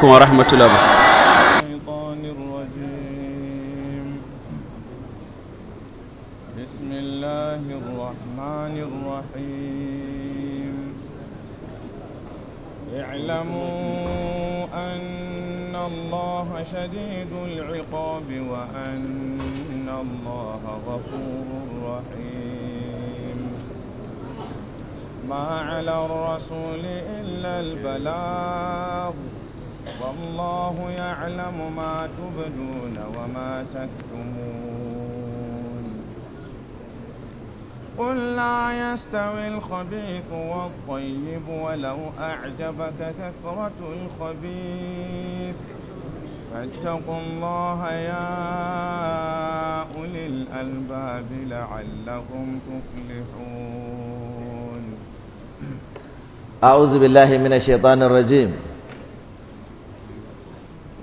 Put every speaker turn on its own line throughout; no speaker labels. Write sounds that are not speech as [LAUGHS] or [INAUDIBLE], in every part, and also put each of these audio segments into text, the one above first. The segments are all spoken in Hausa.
عليكم ورحمة الله
وبركاته بسم الله الرحمن الرحيم اعلموا أن الله شديد العقاب وأن الله غفور رحيم ما على الرسول إلا البلاغ والله يعلم ما تبدون وما تكتمون قل لا يستوي الخبيث والطيب ولو أعجبك كثرة الخبيث فاتقوا الله يا أولي الألباب لعلكم
تفلحون أعوذ بالله من الشيطان الرجيم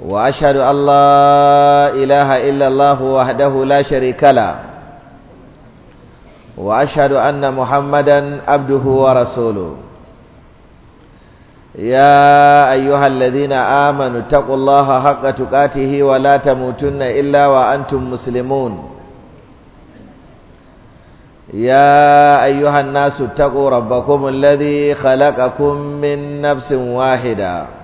wa ashadu Allah ilaha illallah wahdahu la sharikala wa ashadu anna muhammadan abduhu wa ya ayyuhal ladhina amanu taqullaha haqqa tukatihi wa la tamutunna illa wa antum ya ayyuhan nasu taqu rabbakum aladhi khalakakum min nafsin wahida.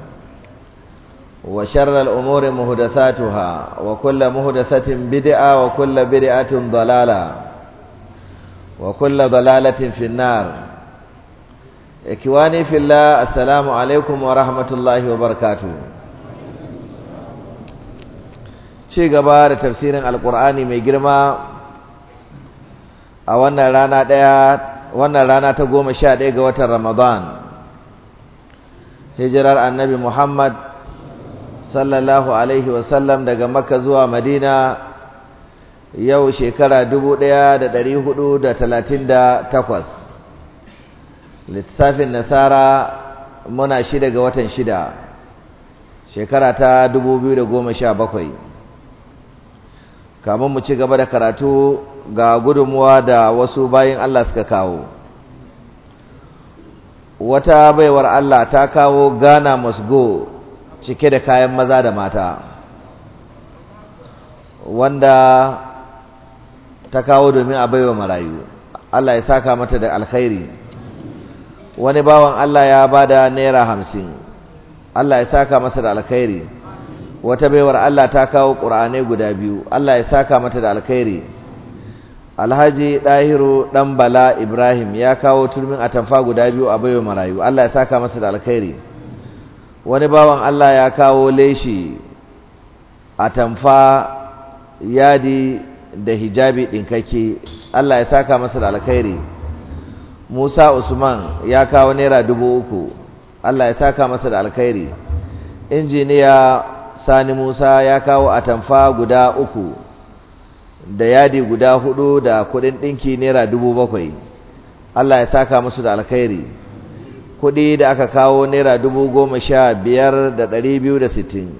وشر الأمور مهدساتها وكل مهدسة بدعة وكل بدعة dalala وكل ضلالة في النار إكواني في الله السلام wa ورحمة wa وبركاته ci gaba da tafsirin Alƙur'ani mai girma a wannan rana wannan rana ta goma sha ɗaya ga watan ramadan hijirar annabi muhammad sallallahu alaihi wasallam daga makka zuwa madina yau shekara 1438 littafin nasara muna shi daga watan shida shekara ta 2017 kamun mu ci gaba da karatu ga gudunmuwa da wasu bayan Allah suka kawo wata baiwar Allah ta kawo Ghana must go cike da kayan maza da mata wanda ta kawo domin a baiwa marayu Allah ya saka mata da alkhairi wani bawan Allah ya ba da naira hamsin Allah ya saka masa da alkhairi wata baiwar Allah ta kawo ƙur'anai guda biyu Allah ya saka mata da alkhairi alhaji ɗahiru ɗan bala ibrahim ya kawo turmin atamfa guda biyu a baiwa marayu allah ya saka masa da alkhairi wani bawan Allah ya kawo leshi a tamfa yadi da hijabi ɗinkake Allah ya saka masa da alkhairi Musa Usman ya kawo naira dubu uku Allah ya saka masa da alkhairi injiniya Sani Musa ya kawo atamfa guda uku da yadi guda hudu da kudin ɗinki naira dubu bakwai Allah ya saka masu da alkhairi kuɗi da aka kawo naira dubu goma sha biyar da ɗari biyu da sittin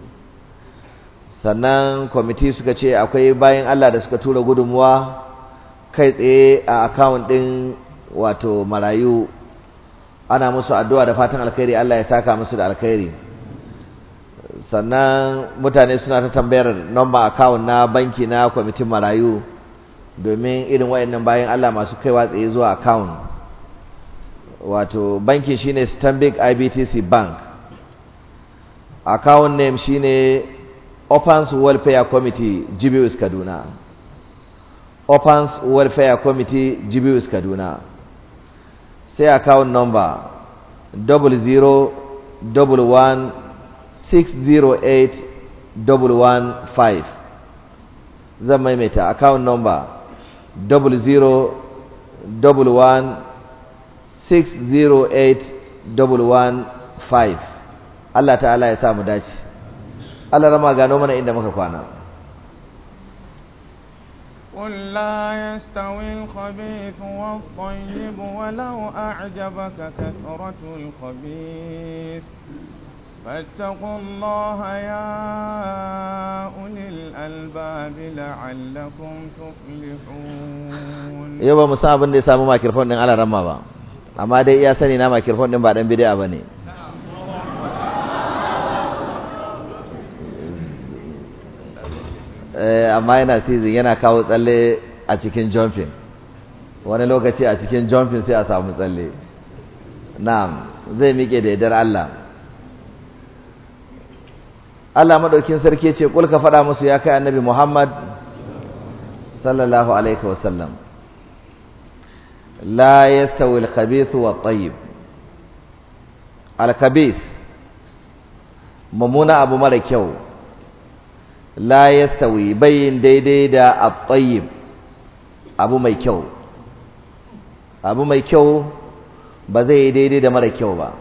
sannan kwamiti suka ce akwai bayan Allah da suka tura gudunmuwa kai tsaye a akawun ɗin wato marayu ana musu addu'a da fatan alkhairi Allah ya saka musu da alkhairi sannan mutane suna ta tambayar nomba akawun na banki na kwamitin marayu domin irin wayannan bayan Allah masu kaiwa tsaye zuwa akawun wato shi shine Stanbic IBTC Bank account name shine Opens Welfare Committee jibius Kaduna Opens Welfare Committee jibius Kaduna sai account number 0011608115 zan maimaita account number 0011 608115 Allah ta'ala ya samu mu dace Allah rama gano mana inda muka kwana
قل لا يستوي الخبيث والطيب ولو أعجبك كثرة الخبيث فاتقوا الله يا أولي الألباب لعلكم تفلحون
يبا مصاب اللي سامو على amma dai iya sani na makirfon din ba dan bid'a bane eh amma yana season yana kawo tsalle a cikin jumping wani lokaci a cikin jumping sai a samu tsalle na'am zai mike da yadar Allah Allah madaukin sarki ce kulka faɗa musu ya kai annabi Muhammad sallallahu alaihi wasallam la يستوي الخبيث والطيب الخبيث at-tayyib al لا mummuna abu mara kyau la yastawi bayin daidai da abu mai kyau ba zai daidai da mara kyau ba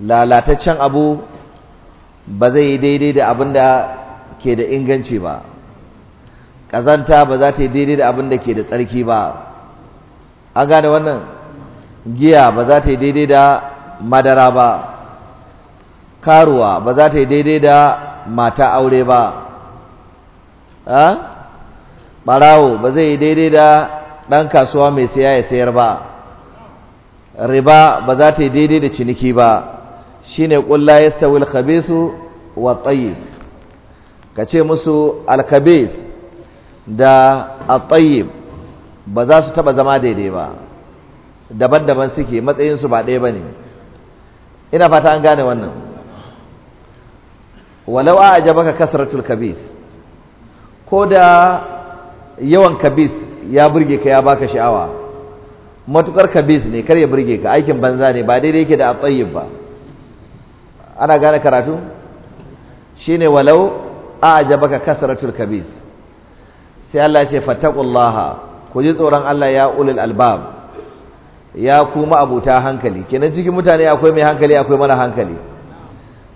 lalataccen abu ba zai daidai da abin da ke da inganci ba ƙazanta ba za ta yi daidai da abin da ke da tsarki ba an gane wannan giya ba za ta yi daidai da madara ba karuwa ba za ta yi daidai da mata aure ba ɓarawo ba zai yi daidai da ɗan kasuwa mai siya ya sayar ba riba ba za ta yi daidai da ciniki ba shi ne ƙulla ya stawil khabisu wa tsayi ka ce musu alkabis da a tsayib ba za su taba zama daidai ba daban-daban suke matsayinsu ba ɗaya ba ne ina fata an gane wannan walau a aje baka kasaratul kabis ko da yawan kabis ya burge ka ya baka sha'awa matukar kabis ne kar ya burge ka aikin banza ne ba daidai yake da atsayin ba ana gane karatu shine walau a aje baka kasaratul kabis sai Allah ya ce fattaqullaha ku ji tsoron Allah ya ulul albab ya kuma abuta hankali kenan cikin mutane akwai mai hankali akwai mana hankali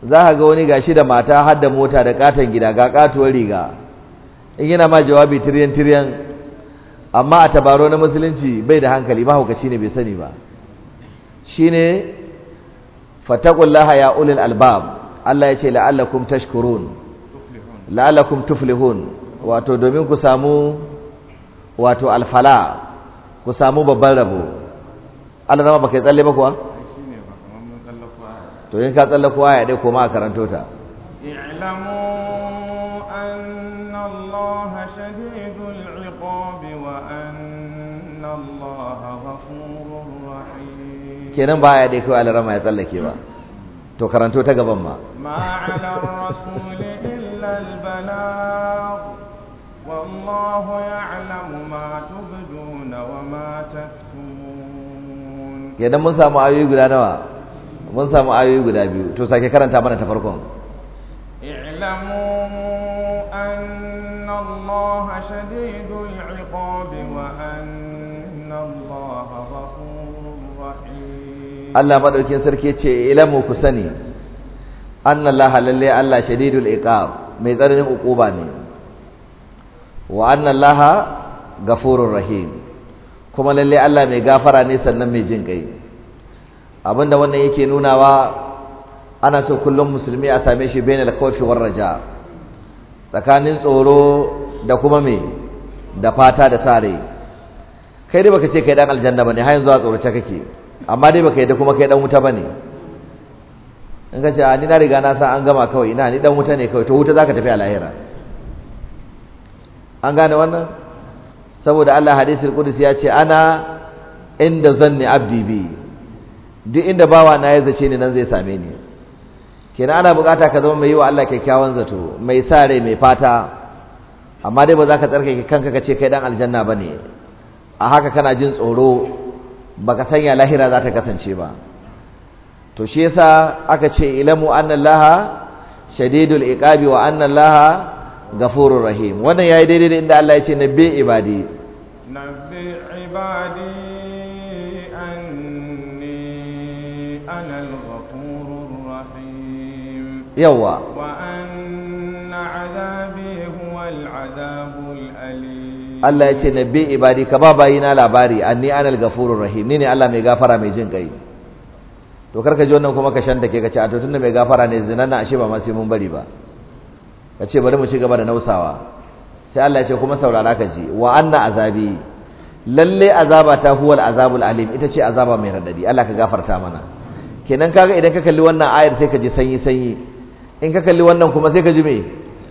za ka ga wani gashi da mata har da mota da katon gida ga katuwar riga in yana ma jawabi tiryan tiryan amma a tabaro na musulunci bai da hankali mahaukaci ne bai sani ba shine fataqullaha ya ulul albab Allah ya ce la'allakum tashkurun la'allakum tuflihun wato domin ku samu wato alfala ku samu babban rabo Allah zama ba yi tsalle ba kuwa
to in ka tsalle kuwa ya dai koma a karanto ta i'lamu anna Allah shadidul iqab wa anna Allah ghafurur rahim kenan ba ya dai kawai Allah
rama ya tsallake ba to karanto ta gaban ma
ma'alar rasul illal al والله يعلم ما تبدون وما تكتمون
يدن من سامو آيوي غدا نوا من سامو آيوي غدا بيو تو ساكي كرنتا مانا تفرقون
اعلموا أن الله شديد العقاب وأن الله غفور رحيم
الله ما دوكي سركي اعلموا كساني أن الله للي الله شديد العقاب mai tsananin ukuba ne wa annan laha gafurun rahim kuma lalle Allah mai gafara ne sannan mai jin kai abinda wannan yake nunawa ana so kullum musulmi a same shi da khawfi war raja tsakanin tsoro da kuma me da fata da sare kai dai baka ce kai dan aljanna bane har yanzu a tsoro ta kake amma dai baka yadda kuma kai dan wuta bane in ka ce a ni na riga na san an gama kawai ina ni dan wuta ne kawai to wuta zaka tafi a lahira an gane wannan saboda Allah hadisul qudsi ya ce ana inda zanni abdi bi duk inda bawa na ya zace ni nan zai same ni kenan ana bukata ka zama mai yi wa Allah kyakkyawan zato mai sa rai mai fata amma dai ba za ka tsarkake kanka ka ce kai dan aljanna bane a haka kana jin tsoro baka sanya lahira za ta kasance ba to shi yasa aka ce ilamu anna shadidul iqabi wa anna ghafurur rahim wannan yayi daidai da inda Allah ya ce bi ibadi bi
ibadi anni ana al-ghafurur rahim yawa wa anna azabi huwa al-azabul alim
Allah ya ce na bi ibadi ka ba bayina labari anni ana al-ghafurur rahim ni ne Allah mai gafara mai jin kai to karka ji wannan kuma ka shanta ke ka ce a to tunda mai gafara ne zinanna ashe ba ma sai mun bari ba ka ce bari mu ci gaba da nausawa sai Allah ya ce kuma saurara ka ji wa anna azabi lalle azaba ta huwal azabul alim ita ce azaba mai radadi Allah ka gafarta mana kenan kaga idan ka kalli wannan ayar sai ka ji sanyi sanyi in ka kalli wannan kuma sai ka ji me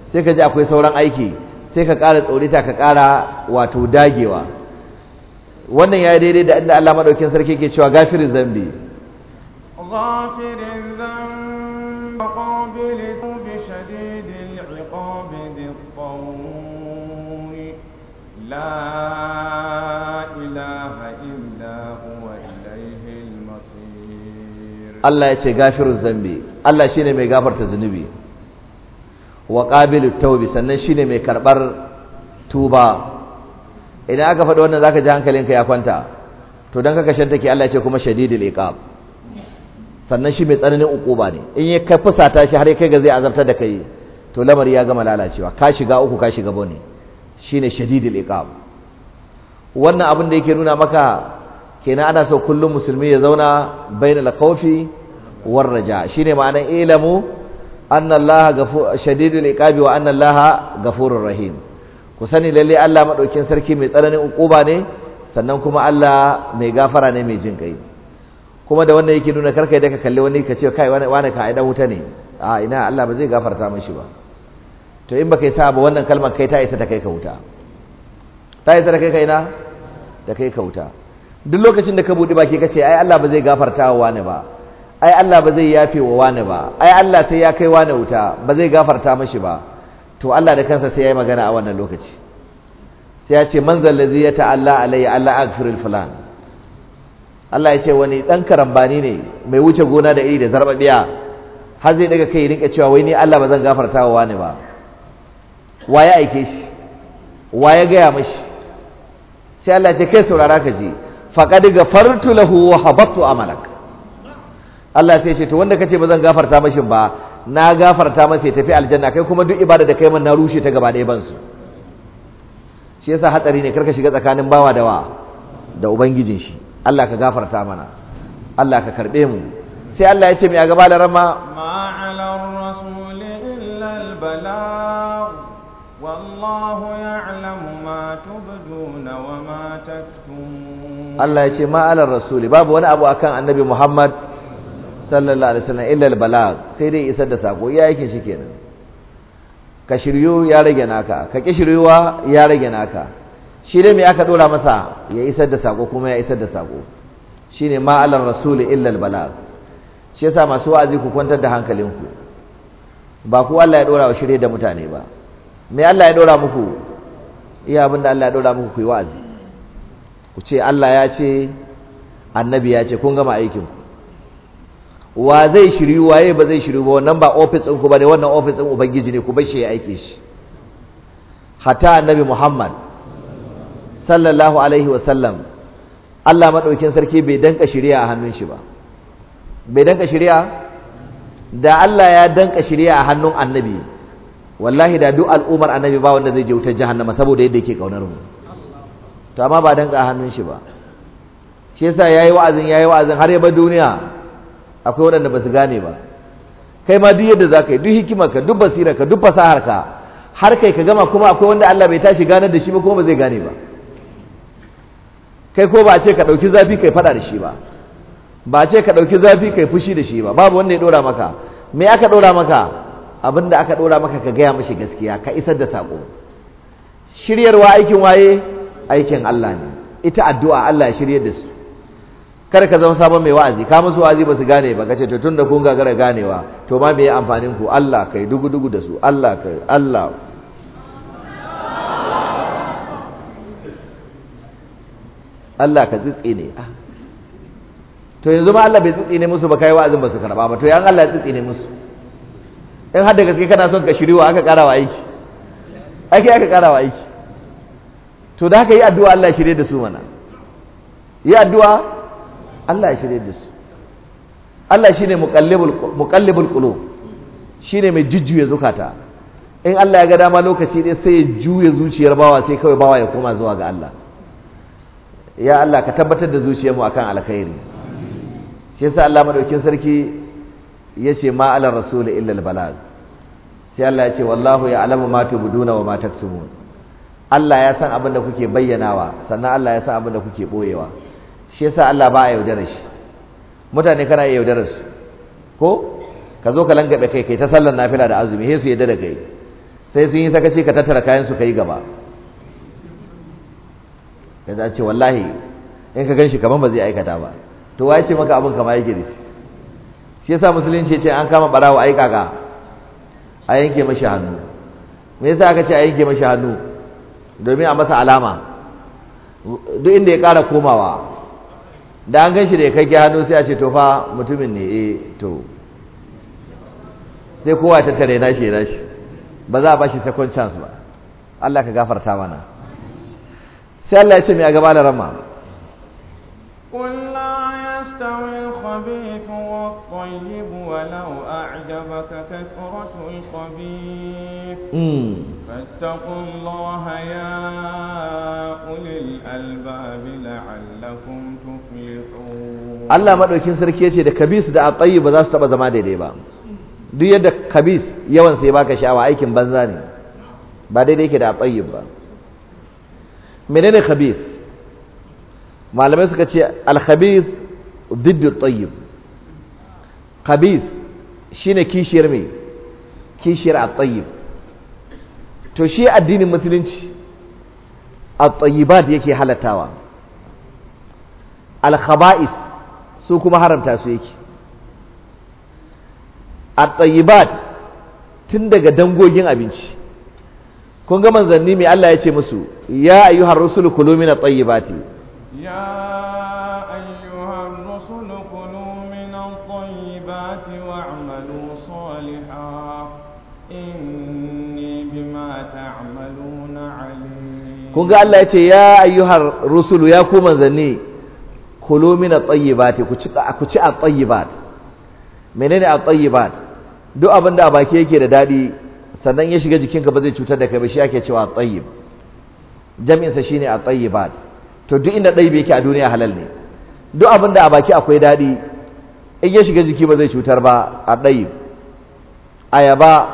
sai ka ji akwai sauran aiki sai ka ƙara tsorita ka ƙara wato dagewa wannan ya daidai da inda Allah madaukin sarki ke cewa gafirin zambi
ghafirin لا إله إلا هو إليه المصير
الله يتي غافر الذنب الله شيني مي غافر تذنبي وقابل التوب sannan mai karɓar tuba idan aka faɗi wannan zaka ji hankalinka ya kwanta to dan kaka shanta ke Allah ya ce kuma shadidul iqab sannan shi mai tsananin ukuba ne in ya kai fusata shi har kai ga zai azabta da kai to lamari ya gama lalacewa ka shiga uku ka shiga bane shine shadidul iqab wannan abin da yake nuna maka kenan ana so kullum musulmi ya zauna bainal khawfi war raja shine ma'anar ilamu anna Allah gafur shadidul iqab wa anna Allah ghafurur rahim ku sani lalle Allah madaukin sarki mai tsananin ukuba ne sannan kuma Allah mai gafara ne mai jin kai kuma da wannan yake nuna karkai da ka kalli wani ka ce kai wani ka aidan wuta ne a ina Allah ba zai gafarta mishi ba to in baka sa ba wannan kalmar kai ta isa ta kai ka wuta ta isa ta kai ka ina ta kai ka wuta duk lokacin da ka buɗe baki ka ce ai Allah ba zai gafarta wa wani ba ai Allah ba zai yafe wa wani ba ai Allah sai ya kai wani wuta ba zai gafarta mashi ba to Allah da kansa sai ya yi magana a wannan lokaci sai ya ce manzal ladzi ya ta'alla alayya Allah aghfiril fulan Allah ya ce wani dan karambani ne mai wuce gona da iri da zarbabiya har zai daga kai rinka cewa wai ni Allah ba zan gafarta wa wani ba wa ya aike shi wa ya gaya mashi sai Allah ce kai saurara ka ji faqad ghafartu lahu wa habattu amalak Allah sai ce to wanda kace ba zan gafarta mashi ba na gafarta masa ya tafi aljanna kai kuma duk ibada da kai man na rushe ta gaba ɗaya ban su shi yasa hatsari ne karka shiga tsakanin bawa da wa da ubangijin shi Allah ka gafarta mana Allah ka karbe mu sai Allah ya ce mai a gaba da rama
والله يعلم ما تبدون وما تكتمون الله يشي ما
على الرسول باب وانا ابو اكان النبي محمد صلى الله عليه وسلم الا البلاغ sai dai isar da sako iya yake shi kenan ka shiryu ya rage naka ka ki shiryuwa ya rage naka shi ne me aka dora masa ya isar da sako kuma ya isar da sako shine ma ma'alar rasuli illa al balagh shi yasa masu wa'azi ku kwantar da hankalinku ba ku Allah ya dora wa shirye da mutane ba me Allah ya dora muku iya abin da Allah ya dora muku ku yi wa'azi ku ce Allah ya ce annabi ya ce kun gama aikin ku wa zai shiryu waye ba zai shiryu ba wannan ba office ɗinku ba ne wannan office ɗin ubangiji ne ku bar shi ya aike shi hatta annabi Muhammad sallallahu alaihi wasallam Allah madaukin sarki bai danka shirya a hannun shi ba bai danka shirya da Allah ya danka shirya a hannun annabi wallahi da duk al'umar annabi ba wanda zai je wutar jahannama saboda yadda yake kaunar mu to amma ba dan ga hannun shi ba shi yasa yayi wa'azin yayi wa'azin har ya bar duniya akwai waɗanda ba su gane ba kai ma duk yadda zaka yi duk hikimarka duk basirarka duk fasaharka har kai ka gama kuma akwai wanda Allah bai tashi ganar da shi ba kuma ba zai gane ba kai ko ba a ce ka ɗauki zafi kai faɗa da shi ba ba a ce ka ɗauki zafi kai fushi da shi ba babu wanda ya ɗora maka me aka ɗora maka abinda aka ɗora maka ka gaya mashi gaskiya ka isar da saƙo shiryarwa aikin waye aikin Allah ne ita addu'a Allah ya shiryar da su kada ka zama sabon mai wa'azi ka musu wa'azi ba su gane ba kace to tun da kun gagara ganewa to ma me amfanin ku Allah kai dugu dugu da su Allah kai Allah Allah ka tsitsi ne ah. to yanzu ma Allah bai tsitsi ne musu ba kai wa'azin ba su karba ba to yan Allah ya tsitsi ne musu in hada gaske kana son ka shiriwa aka kara wa aiki aiki aka kara wa aiki to da haka yi addu'a Allah shirye da su mana yi addu'a Allah shirye da su Allah shine muqallibul muqallibul qulub shine mai jujjuya zukata in Allah ya ga dama lokaci ne sai ya juya zuciyar bawa sai kawai bawa ya koma zuwa ga Allah ya Allah ka tabbatar da zuciyarmu akan alkhairi shi yasa Allah madaukin sarki ya ce ma ala rasul illa albalag sai Allah ya ce wallahu ya alamu ma tubduna wa ma taktumun Allah ya san abin da kuke bayyanawa sannan Allah ya san abin da kuke boyewa shi yasa Allah ba a yaudara shi mutane kana iya su ko ka zo ka langabe kai kai ta sallar nafila da azumi sai su yadda da kai sai sun yi sakaci ka tattara kayan su kai gaba kaza ce wallahi in ka ganshi kaman ba zai aikata ba to wa ce maka abin kama yake da shi shi yasa musulunci ce an kama barawo ai kaka a yanke mashi hannu me yasa aka ce a yanke mashi hannu domin a masa alama duk inda ya kara komawa da an ganshi da ya kai hannu sai a ce to fa mutumin ne eh to sai kowa ta tare na shi na shi ba za a bashi second chance ba Allah ka gafarta mana sai Allah ya ce mai a gaba da rama
يستوي الخبيث والطيب ولو أعجبك كثرة الخبيث فاتقوا الله يا أولي الألباب لعلكم تفلحون الله ما
دوkin sarki yace da kabis da atayyib ba za su taba zama daidai ba duk yadda kabis yawan sai baka sha'awa aikin banza ne ba daidai yake da atayyib ba menene khabith malamai suka ce al-khabith diddu tayyib khabith shine kishiyar mai kishiyar at-tayyib to shi addinin musulunci at-tayyibat yake halatawa al-khaba'ith su kuma haramta su yake at-tayyibat tun daga dangogin abinci kun ga manzanni mai Allah ya ce musu ya ayyuhar rusulu kulu min kun ga Allah ya ce ya ayyuhar rusulu ya ku manzanni kulu min at ku ci ku ci at-tayyibat menene at-tayyibat duk abin da a baki yake da dadi sannan ya shiga jikinka ba zai cutar da kai ba shi ake cewa at-tayyib jami'in sa shine at-tayyibat to duk inda dai yake a duniya halal ne duk abin da a baki akwai dadi in ya shiga jiki ba zai cutar ba at-tayyib ayaba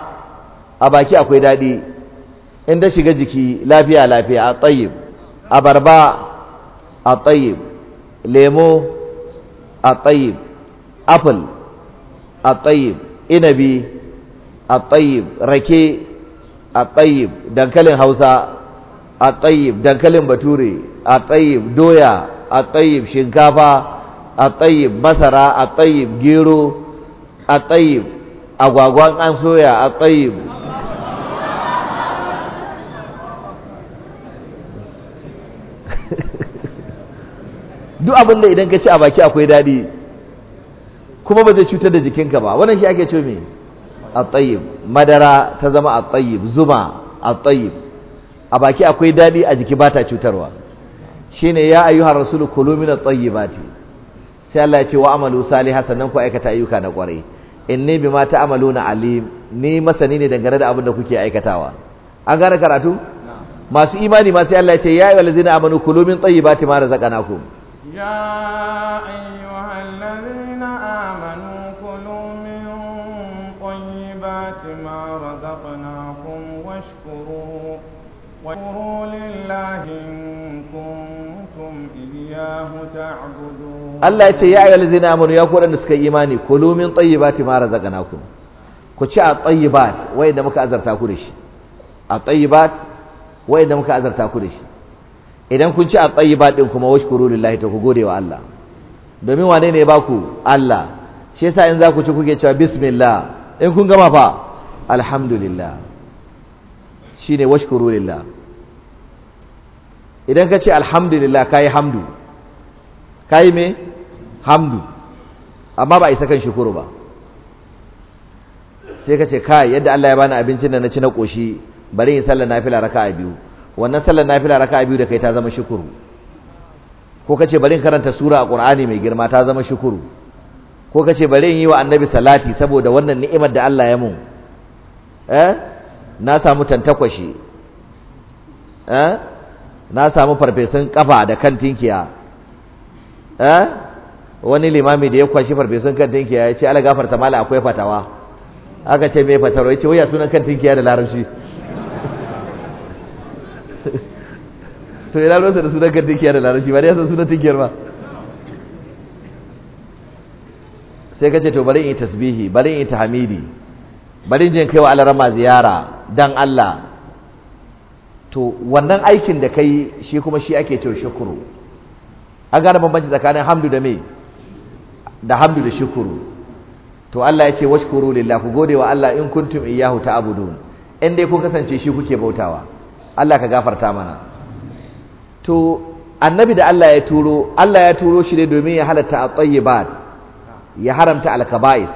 a baki akwai dadi in da shiga jiki lafiya lafiya a tsayib abarba a tsayib lemo a tsayib apple a tsayib inabi a tsayib rake a tsayib dankalin hausa a tsayib dankalin bature a tsayib doya a tsayib shinkafa a tsayib masara a tsayib gero a tsayib agwagwan an soya a tsayib duk abin da idan ka ci a baki akwai daɗi kuma ba zai cutar da jikinka ba wannan shi ake ce me at-tayyib madara ta zama at-tayyib zuma at-tayyib a baki akwai daɗi a jiki ba ta cutarwa shine ya ayyuha rasul kulu min at-tayyibati sai Allah ya ce wa amalu salihan sannan ku aikata ayyuka na kwarai inni bima ta'maluna alim ni masani ne dangane da abin da kuke aikatawa an gane karatu masu imani ma sai Allah ya ce ya ayyuhallazina amanu kulu min tayyibati ma razaqnakum
يا أيها الذين آمنوا كلوا من طيبات ما رزقناكم واشكروا واشكروا لله إن كنتم إياه تعبدون الله يتي يا أيها
الذين آمنوا يا كل الناس إيماني كلوا من طيبات ما رزقناكم كتشي الطيبات وين مك أزرتاكو ليش الطيبات وين مك أزرتاكو ليش idan kun ci a tsayi baɗin kuma wasu kuru lillahi to ku gode wa Allah domin wane ne ba ku Allah shi yasa in za ku ci kuke cewa bismillah in kun gama fa alhamdulillah shine washkuru lillah idan ka ce alhamdulillah yi hamdu ka yi me hamdu amma ba a isa kan shukuru ba sai ka ce kai yadda Allah ya bani abincin da na ci na koshi bari na sallar nafila a biyu wannan sallar nafila raka'a biyu da kai ta zama shukuru ko kace bari in karanta sura a Qur'ani mai girma ta zama shukuru ko kace bari in yi wa annabi salati saboda wannan ni'imar da Allah ya mun eh na samu tantakwashi eh na samu farfesun kafa da kan tinkiya eh wani limami da ya kwashi farfesun kan tinkiya ya ce ala gafarta mala akwai fatawa aka ce me fatawa ya ce waya sunan kan tinkiya da larabci to ina lalwasa da sunan kan tinkiya da shi ba dai ya san sunan tinkiyar ba sai ka ce to bari in yi tasbihi bari in yi ta hamidi bari in je kai wa alarama ziyara dan Allah to wannan aikin da kai shi kuma shi ake cewa shukuru an gane bambanci tsakanin hamdu da me da hamdu da shukuru to Allah ya ce washkuru lillah ku gode wa Allah in kuntum iyyahu ta'budun in dai kun kasance shi kuke bautawa Allah ka gafarta mana to annabi da Allah ya turo Allah ya turo shi ne domin ya halatta at-tayyibat ya haramta alkaba'is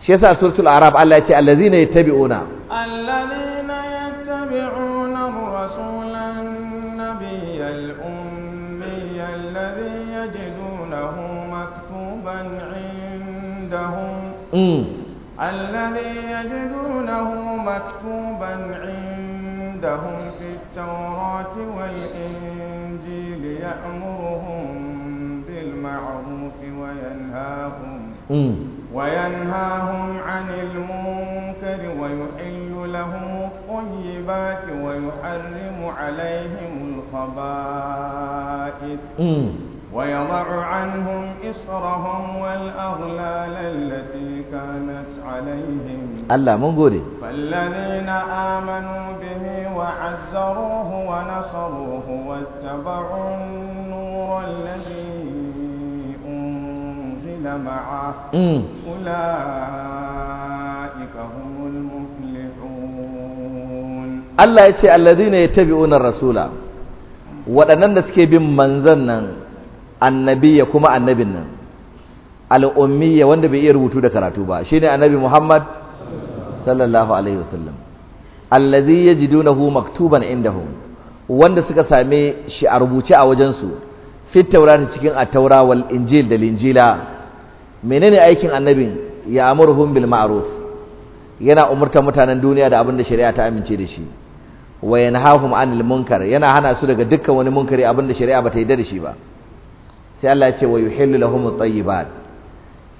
shi yasa suratul arab Allah ya ce allazina yattabi'una
allazina yattabi'una rasulan nabiyyal ummi alladhi yajidunahu maktuban 'indahum mm. alladhi yajidunahu maktuban 'indahum fit-taurati wal-injil الإنجيل يأمرهم بالمعروف وينهاهم وينهاهم عن المنكر ويحل لهم الطيبات ويحرم عليهم الخبائث ويضع عنهم إصرهم والأغلال التي كانت عليهم Allah mun gode mm. Allah آمنوا ce, وعزروه ونصروه ya النور الذي أنزل
waɗannan da suke bin manzan nan annabiya kuma annabin nan al'ummiya wanda bai iya rubutu da karatu ba shine annabi Muhammad sallallahu alaihi wasallam allazi yajidunahu maktuban indahum wanda suka same shi a rubuce a wajensu fit taurata cikin at-taura wal injil da linjila menene aikin annabin ya amurhum bil ma'ruf yana umurtar mutanen duniya da abin da shari'a ta amince da shi wa yanhahum anil munkar yana hana su daga dukkan wani munkari abin da shari'a bata yarda da shi ba sai Allah ya ce wa yuhillu lahum at-tayyibat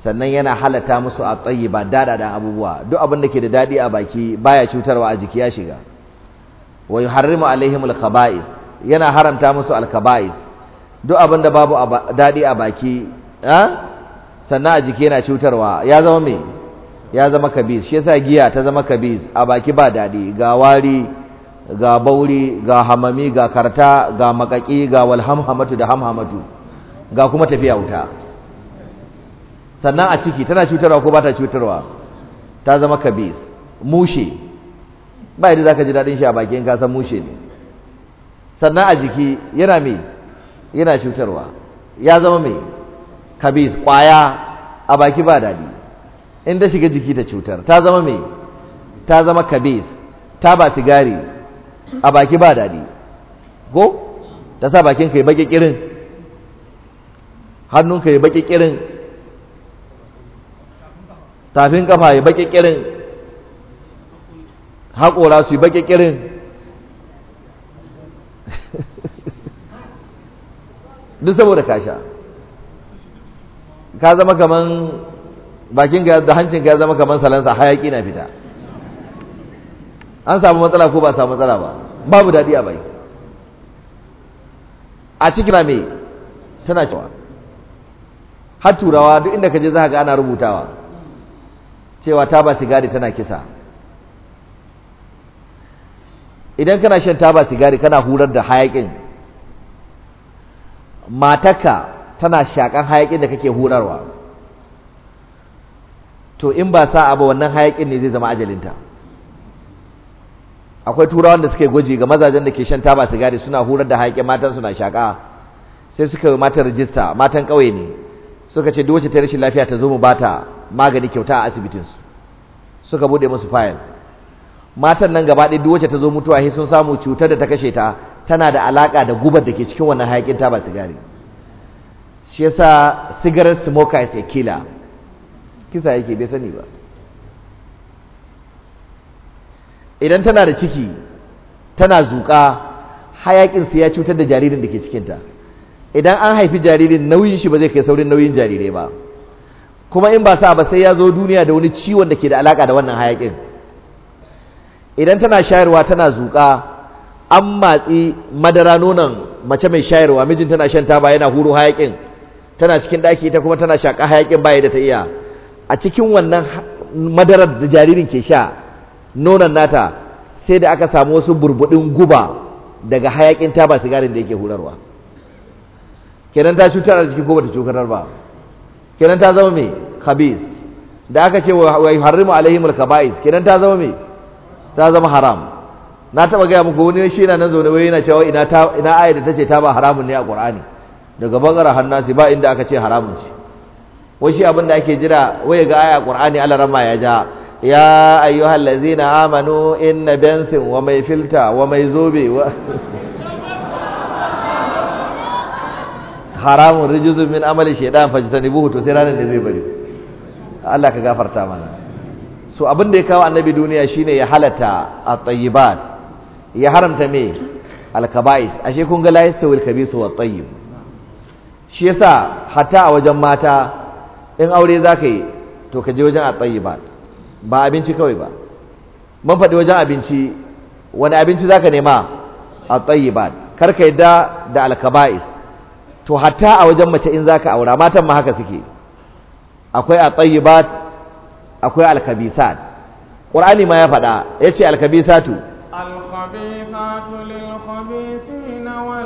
sannan yana halata musu a tsayi ba dadadan abubuwa duk abin da ke da daɗi a baki baya cutarwa a jiki ya shiga wa yuharrimu alaihim alkhaba'is yana haramta musu alkaba'is duk abin da babu daɗi a baki sannan a jiki yana cutarwa ya zama me ya zama kabis shi yasa giya ta zama kabis a baki ba daɗi ga wari ga bauri ga hamami ga karta ga makaki ga walhamhamatu da hamhamatu ga kuma tafiya wuta sannan a ciki tana cutarwa ko ba ta cutarwa ta zama kabis mushe ba yadda za ka ji daɗin shi a bakin kasan mushe ne sannan a jiki yana mai yana cutarwa ya zama mai kabis ƙwaya a baki ba daɗi inda shiga jiki ta cutar ta zama mai ta zama kabis ta ba sigari a baki ba daɗi ko ta sa bakin ka yi baƙi ƙirin hannun ka yi baƙi ƙirin tafin kafa ya baƙi ƙirin haƙora su yi baƙi ƙirin [LAUGHS] duk saboda kasha ka zama kaman bakin ga da hancin ka zama kaman salansa hayaki na fita an samu matsala ko ba samu matsala ba babu daɗi a bai a cikin rame tana cewa har turawa duk inda ka je za ka ga ana rubutawa cewa taba sigari tana kisa idan kana shan taba sigari kana hurar da hayakin mataka tana shakan hayakin da kake hurarwa to in ba sa'a ba wannan hayakin ne zai zama ajalinta akwai turawa da suke gwaji ga mazajen da ke shan taba sigari suna hurar da hayakin matan suna shaka sai suka yi matan rajista matan ƙauye ne suka ce duk wacce ta rashin lafiya ta zo mu bata magani kyauta a asibitinsu suka bude musu fayil matan nan gaba ɗaya duk wace ta zo mutuwa sai sun samu cutar da ta kashe ta tana da alaka da gubar da ke cikin wannan hayakin taba sigari shi yasa cigarette smoker is a killer kisa yake bai sani ba idan tana da ciki tana zuka hayakin sai ya cutar da jaririn da ke cikinta idan an haifi jaririn nauyin shi ba zai kai saurin nauyin jarirai ba kuma in ba sa ba sai ya zo duniya da wani ciwon da ke da alaka da wannan hayakin idan tana shayarwa tana zuƙa an matsi madara nonon mace mai shayarwa mijin tana shan taba yana huro hayakin tana cikin ɗaki ita kuma tana shaƙa hayakin ba da ta iya a cikin wannan madarar da jaririn ke sha nonon nata sai da aka samu wasu burbuɗin guba daga hayakin taba sigarin da yake hurarwa kenan ta cutar a jiki ko bata cutar ba kenan ta zama mai khabis da aka ce wa yuharrimu alaihim alkaba'is kenan ta zama mai ta zama haram na taba gaya muku wani shi yana nan zaune wai yana cewa ina ta ina ayat da tace ta ba haramun ne a qur'ani daga bangaren hannasi ba inda aka ce haramun ce wai shi abin da ake jira wai ga aya qur'ani Allah rama ya ja ya ayyuhallazina amanu inna bensin wa mai filta wa mai zobe [LAUGHS] haramun rijizun min amali shaidan buhu to sai ranar da zai bari Allah ka gafarta mana so abin da ya kawo annabi duniya shine ya halata at-tayyibat ya haramta me al-kaba'is ashe kun ga la yastawil kabisu wa tayyib shi yasa hatta a wajen mata in aure zaka yi to ka je wajen at-tayyibat ba abinci kawai ba mun faɗi wajen abinci wani abinci zaka nema at-tayyibat kar ka yadda da al-kaba'is to hatta a wajen mace in zaka aura matan ma haka suke akwai at-tayyibat akwai al-khabisat qur'ani ma ya faɗa yace al-khabisatu
al-khabisatu lil-khabisina wal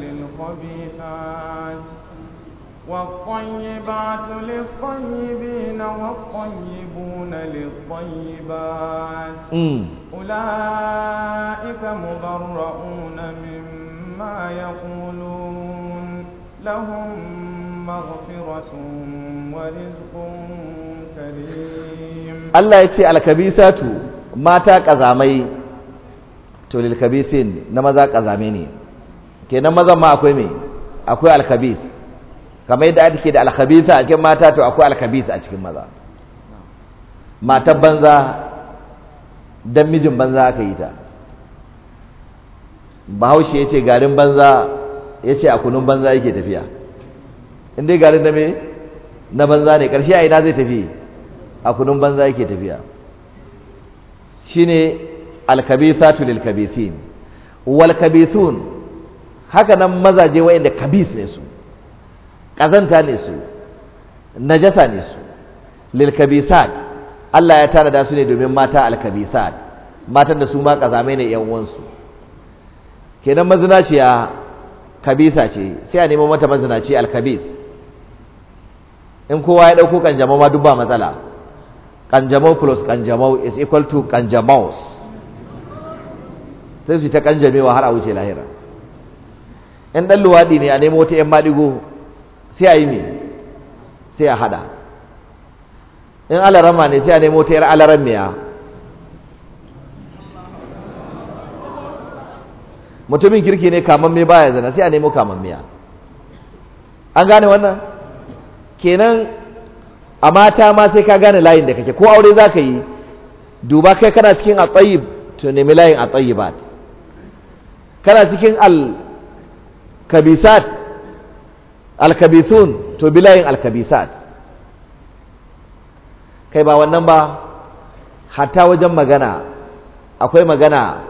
lil بما يقولون لهم مغفرة
allah ya ce يتي الكبيسات mata kazamai to lil kabisin na maza kazame ne kenan mazan ma akwai me akwai alkabis kamar yadda ake da alkabisa a cikin mata to akwai alkabis a cikin maza matar banza dan mijin banza aka yi ta bahaushe ya ce garin banza ya ce a kunun banza yake tafiya inda garin da me na banza ne ƙarshe a ina zai tafi a kunun banza yake tafiya Shi shine alkabisatu lilkabisin walkabisun haka nan mazaje wa'inda kabis ne su ƙazanta ne su najasa ne su lilkabisat Allah ya tara da su ne domin mata alkabisat matan da su ma ƙazamai ne 'yan uwansu kenan mazinaciya kabisa ce sai a nemo mata mazinaci alkabis in kowa ya ɗauko kanjamau ma duk ba matsala kanjamau plus kanjamau is equal to kanjamaus sai su ta kanjamewa har a wuce lahira in ɗan luwaɗi ne a nemo wata 'yan maɗigo sai a yi me sai a haɗa in alarama ne sai a nemo ta 'yar alarammiya mutumin kirki ne mai baya zana sai a nemo miya an gane wannan kenan a mata ma sai ka gane layin da kake ko aure za ka yi duba kai kana cikin a to nemi layin a ba. kana cikin al-kabisat al-kabisun to bi layin al-kabisat kai ba wannan ba hatta wajen magana akwai magana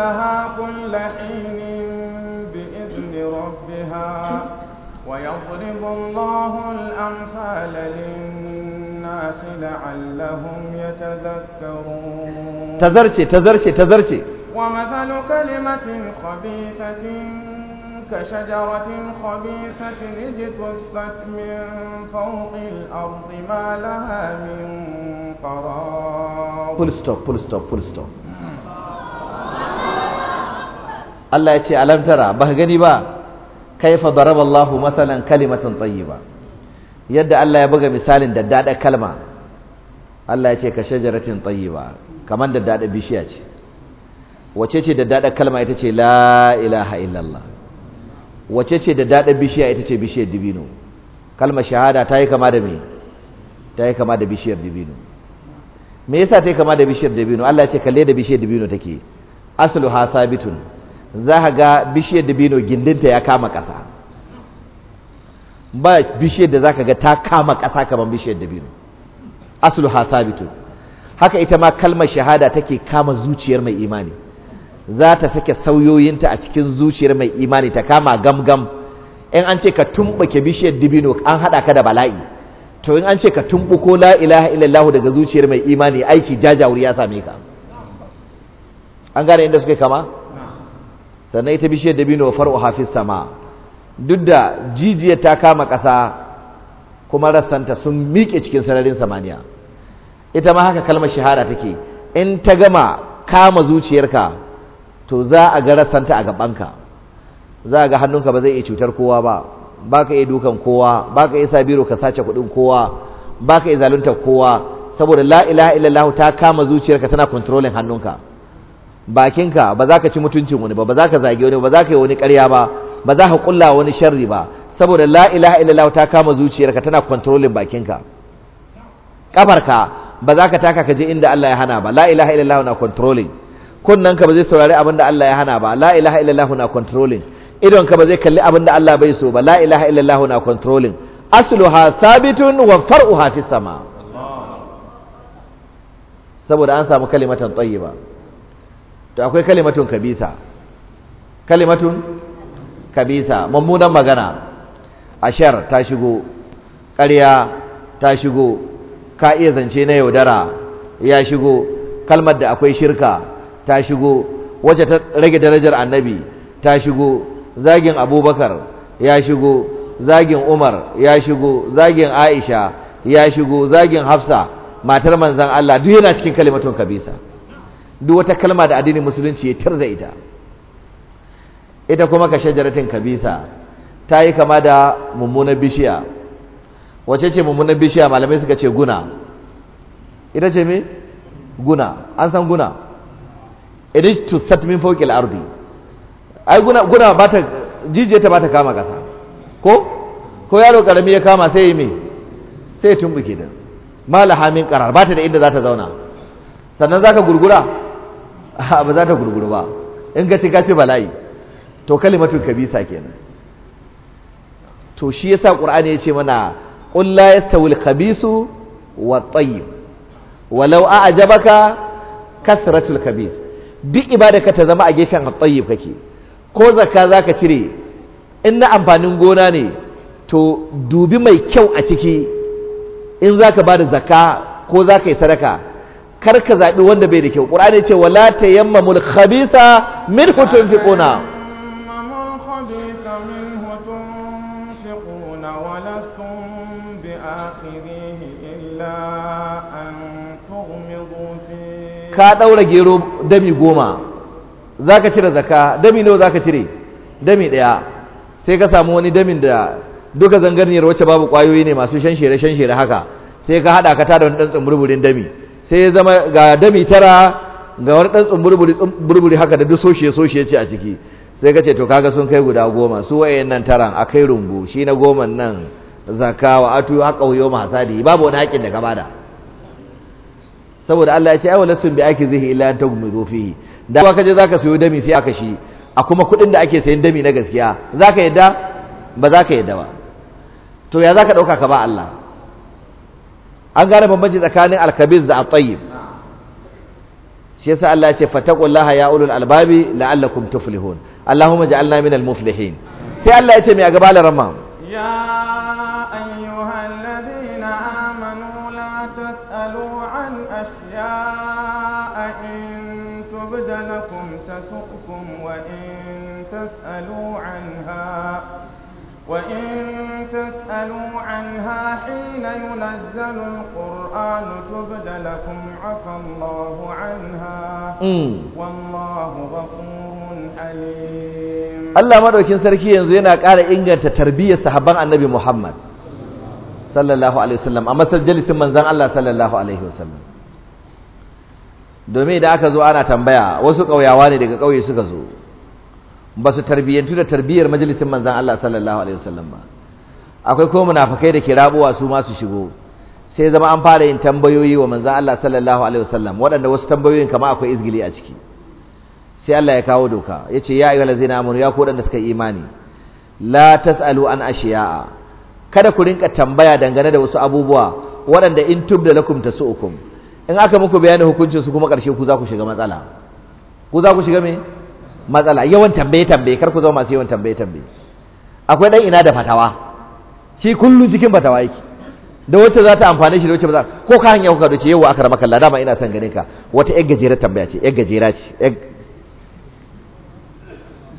لها كل حين بإذن ربها ويضرب الله الأمثال للناس لعلهم يتذكرون تذرشي
تذرشي تذرشي
ومثل كلمة خبيثة كشجرة خبيثة اجتثت من فوق الأرض ما لها من
قرار فول ستوب فول ستوب فول ستوب Allah ya ce alam tara ka gani ba kaifa daraballahu matsalan kalimatan tayyiba yadda Allah ya buga misalin daddada kalma Allah ya ce ka shajaratin tayyiba kaman daddada bishiya ce wace ce daddada kalma ita ce la ilaha illallah wace ce daddada bishiya ita ce bishiyar dibino kalma shahada ta yi kama da me ta yi kama da bishiyar dibino me yasa ta yi kama da bishiyar dibino Allah ya ce kalle da bishiyar dibino take asluha sabitun za ka ga bishiyar dabino gindinta ya kama ƙasa ba bishiyar da za ka ga ta kama ƙasa kamar bishiyar dabino asulu ha haka ita ma kalmar shahada take kama zuciyar mai imani za ta sake sauyoyinta a cikin zuciyar mai imani ta kama gamgam in an ce ka tumɓuke bishiyar dabino an haɗa ka da bala'i to in an ce ka tumɓuko la ilaha illallah daga zuciyar mai imani aiki jajawur ya same ka an gane inda suke kama sannan ita bishiyar dabino far'u hafi sama duk da jijiyar ta kama ƙasa kuma rassanta sun miƙe cikin sararin samaniya ita ma haka kalmar shahada take in ta gama kama zuciyarka to za a ga rassanta a gabanka za a ga hannunka ba zai iya cutar kowa ba ba ka iya dukan kowa ba ka iya sa biro ka sace kuɗin kowa ba ka iya zalunta kowa saboda la ta kama zuciyarka tana kontrolin hannunka bakinka ba za ka ci mutuncin wani ba ba za ka zage wani ba za ka yi wani karya ba ba za ka kulla wani sharri ba saboda la ilaha illallah ta kama zuciyarka tana controlling bakinka kafarka ba za ka taka ka je inda Allah ya hana ba la ilaha illallah na controlling ka ba zai saurari abin Allah ya hana ba la ilaha illallah na controlling idonka ba zai kalli abin da Allah bai so ba la ilaha illallah na controlling asluha sabitun wa far'uha fis sama saboda an samu kalimatan tayyiba to akwai kalimatun kabisa kalimatun kabisa mummunan magana ashar ta shigo ƙarya ta shigo ka iya zance na yaudara ya shigo kalmar da akwai shirka ta shigo wacce ta rage darajar annabi ta shigo zagin abubakar ya shigo zagin umar ya shigo zagin aisha ya shigo zagin hafsa matar manzan allah duk yana cikin kalimatun kabisa duk wata kalma da addinin musulunci ya tirza ita ita kuma ka shajaratin kabisa ta yi kama da mummunan bishiya wace ce mummunan bishiya malamai suka ce guna ita ce mai guna an san guna is to set min fawqil ardi ai guna guna ba ta jijiye ta ba ta kama kasa ko ko yaro karami ya kama sai yi me sai tumbuke ta malaha min qarar ba ta da inda za ta zauna sannan za ka gurgura ba za ta gurguru ba in ga ce ka ce bala'i to kalimatun kabisa kenan to shi yasa qur'ani ya ce mana qul la al khabisu wat tayyib walau a'jabaka al khabis duk ibadaka ta zama a gefen at tayyib kake ko zakka zaka cire in na amfanin gona ne to dubi mai kyau a ciki in zaka bada zakka ko zaka yi sadaka kar ka zaɓi wanda bai da kyau ƙur'ani ce wala mul khabisa min hutun ƙuna ka ɗaura gero dami goma za ka cire zaka dami nawa za ka cire dami ɗaya sai ka samu wani damin da duka zangarniyar wacce babu ƙwayoyi ne masu shan shere shan shere haka sai ka haɗa ka tada wani ɗan tsumburburin dami sai ya zama ga dami tara ga wani ɗan tsumburburi haka da duk soshe soshe ce a ciki sai ka ce to kaga sun kai guda goma su wayan nan taran a kai rungu, shi na goman nan zakawa atu haka ma hasadi, babu wani haƙin da ka bada saboda Allah ya ce ai walasun bi aki zihi illa an tagmidu zofi, da ka je zaka sayo dami sai aka shi a kuma kuɗin da ake sayan dami na gaskiya zaka yadda ba zaka yadda ba to ya zaka dauka ka ba Allah an gane bambanci tsakanin alkabiz da at-tayyib shi yasa Allah ya ce fataqullaha ya ulul albabi la'allakum tuflihun allahumma ja'alna minal muflihin sai Allah ya ce me a gaba larama
ya ayyuhal ladina amanu la tasalu an ashya'a in tubda lakum tasukum wa in tasalu anha وإن تسألوا عنها حين ينزل القرآن تبد لكم عفى الله عنها والله غفور حليم
الله مدوكين سركي ينزو ينا قال إنغان تربية صحابان النبي محمد صلى الله عليه وسلم أما سجلس منزان الله صلى الله عليه وسلم domin da aka zo ana tambaya wasu ƙauyawa ne daga ƙauye suka zo ba su tarbiyyantu da tarbiyyar majalisin manzan Allah sallallahu alaihi wasallam ba akwai kuma munafakai da ke rabuwa su masu shigo sai zama an fara yin tambayoyi wa manzan Allah sallallahu alaihi wasallam waɗanda wasu tambayoyin kama akwai izgili a ciki sai Allah ya kawo doka ya ce ya zai na amanu ya ku da suka yi imani la tasalu an ashiya'a kada ku rinka tambaya dangane da wasu abubuwa waɗanda in tub da lakum tasu'ukum in aka muku bayani hukuncin su kuma ƙarshe ku za ku shiga matsala ku za ku shiga me matsala yawan tambaye tambaye kar ku masu yawan tambaye tambaye akwai dan ina da fatawa shi kullu cikin fatawa yake da wacce za ta amfane shi da wacce ba za ko ka hanya kuka dace yawa aka rama kalla dama ina son ganin ka wata yar gajerar tambaya ce yar gajera ce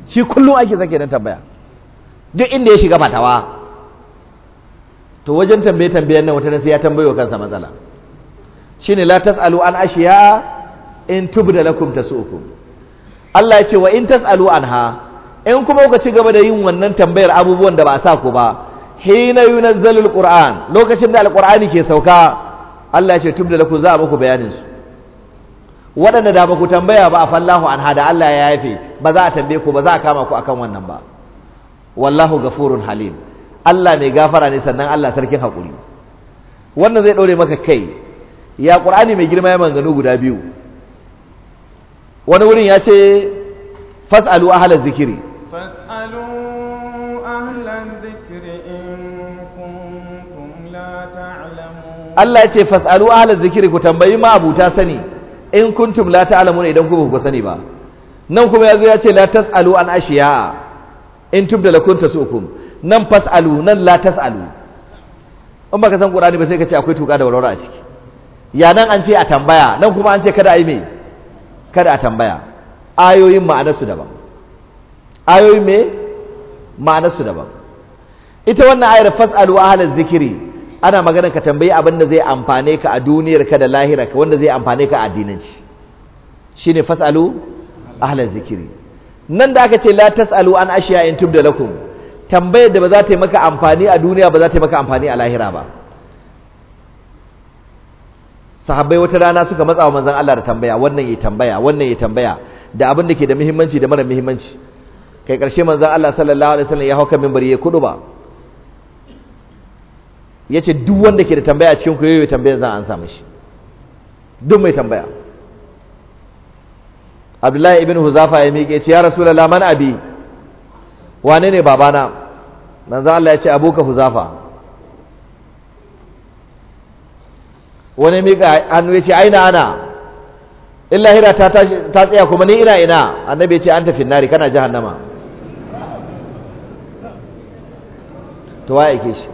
shi kullu ake zage nan tambaya duk inda ya shiga fatawa to wajen tambaye tambayen nan wata sai ya tambayo kansa matsala shine la tasalu an ashiya in tubda lakum tasukum Allah ya ce wa in tasalu anha in kuma kuka ci gaba da yin wannan tambayar abubuwan da ba a sa ku ba hina yunazzalu alquran lokacin da alqurani ke sauka Allah ya ce tubda lakum za a muku bayanin su waɗanda da ba ku tambaya ba a fallahu anha da Allah ya yafe ba za a tambaye ku ba za a kama ku akan wannan ba wallahu gafurun halim Allah mai gafara ne sannan Allah sarkin hakuri wannan zai ɗaure maka kai ya qur'ani mai girma ya manganu guda biyu wani wurin ya ce fas'alu ahlaz zikiri
fas'alu zikiri in
Allah ya ce fas'alu ahlaz zikiri ku tambayi ma abuta sani in kuntum la ta'lamun idan ku ba ku sani ba nan kuma yazo ya ce la tas'alu an ashiya in tubda lakum tasukum nan fas'alu nan la tas'alu in baka san Qur'ani ba sai ka ce akwai tuka da warwara a ciki ya nan an ce a tambaya nan kuma an ce kada a yi mai kada a tambaya ayoyin ma'anarsu daban ayoyin me ma'anarsu daban ita wannan ayar fas'alu ahlaz zikiri ana magana ka tambayi abin da zai amfane ka a duniyar ka da lahira ka wanda zai amfane ka a addinanci shine fas'alu ahlaz zikiri nan da aka ce la tas'alu an ashiya in tubda lakum tambayar da ba za ta yi maka amfani a duniya ba za ta yi maka amfani a lahira ba sahabbai wata rana suka matsa wa manzon Allah da tambaya wannan ya tambaya wannan ya tambaya da abin da ke da muhimmanci da mara muhimmanci kai karshe manzon Allah sallallahu alaihi wasallam ya hauka kan minbari ya kudu ba yace duk wanda ke da tambaya a cikin ku yayi tambayar zan ansa mishi duk mai tambaya Abdullahi ibn Huzafa ya miƙe ce ya Rasulullah man abi wane ne babana manzon Allah ya ce abuka Huzafa wani miƙa hannu ya ce aina ana illa lahira ta tsaya kuma ni ina ina annabi ya ce an tafi nari kana jahannama to wa ke shi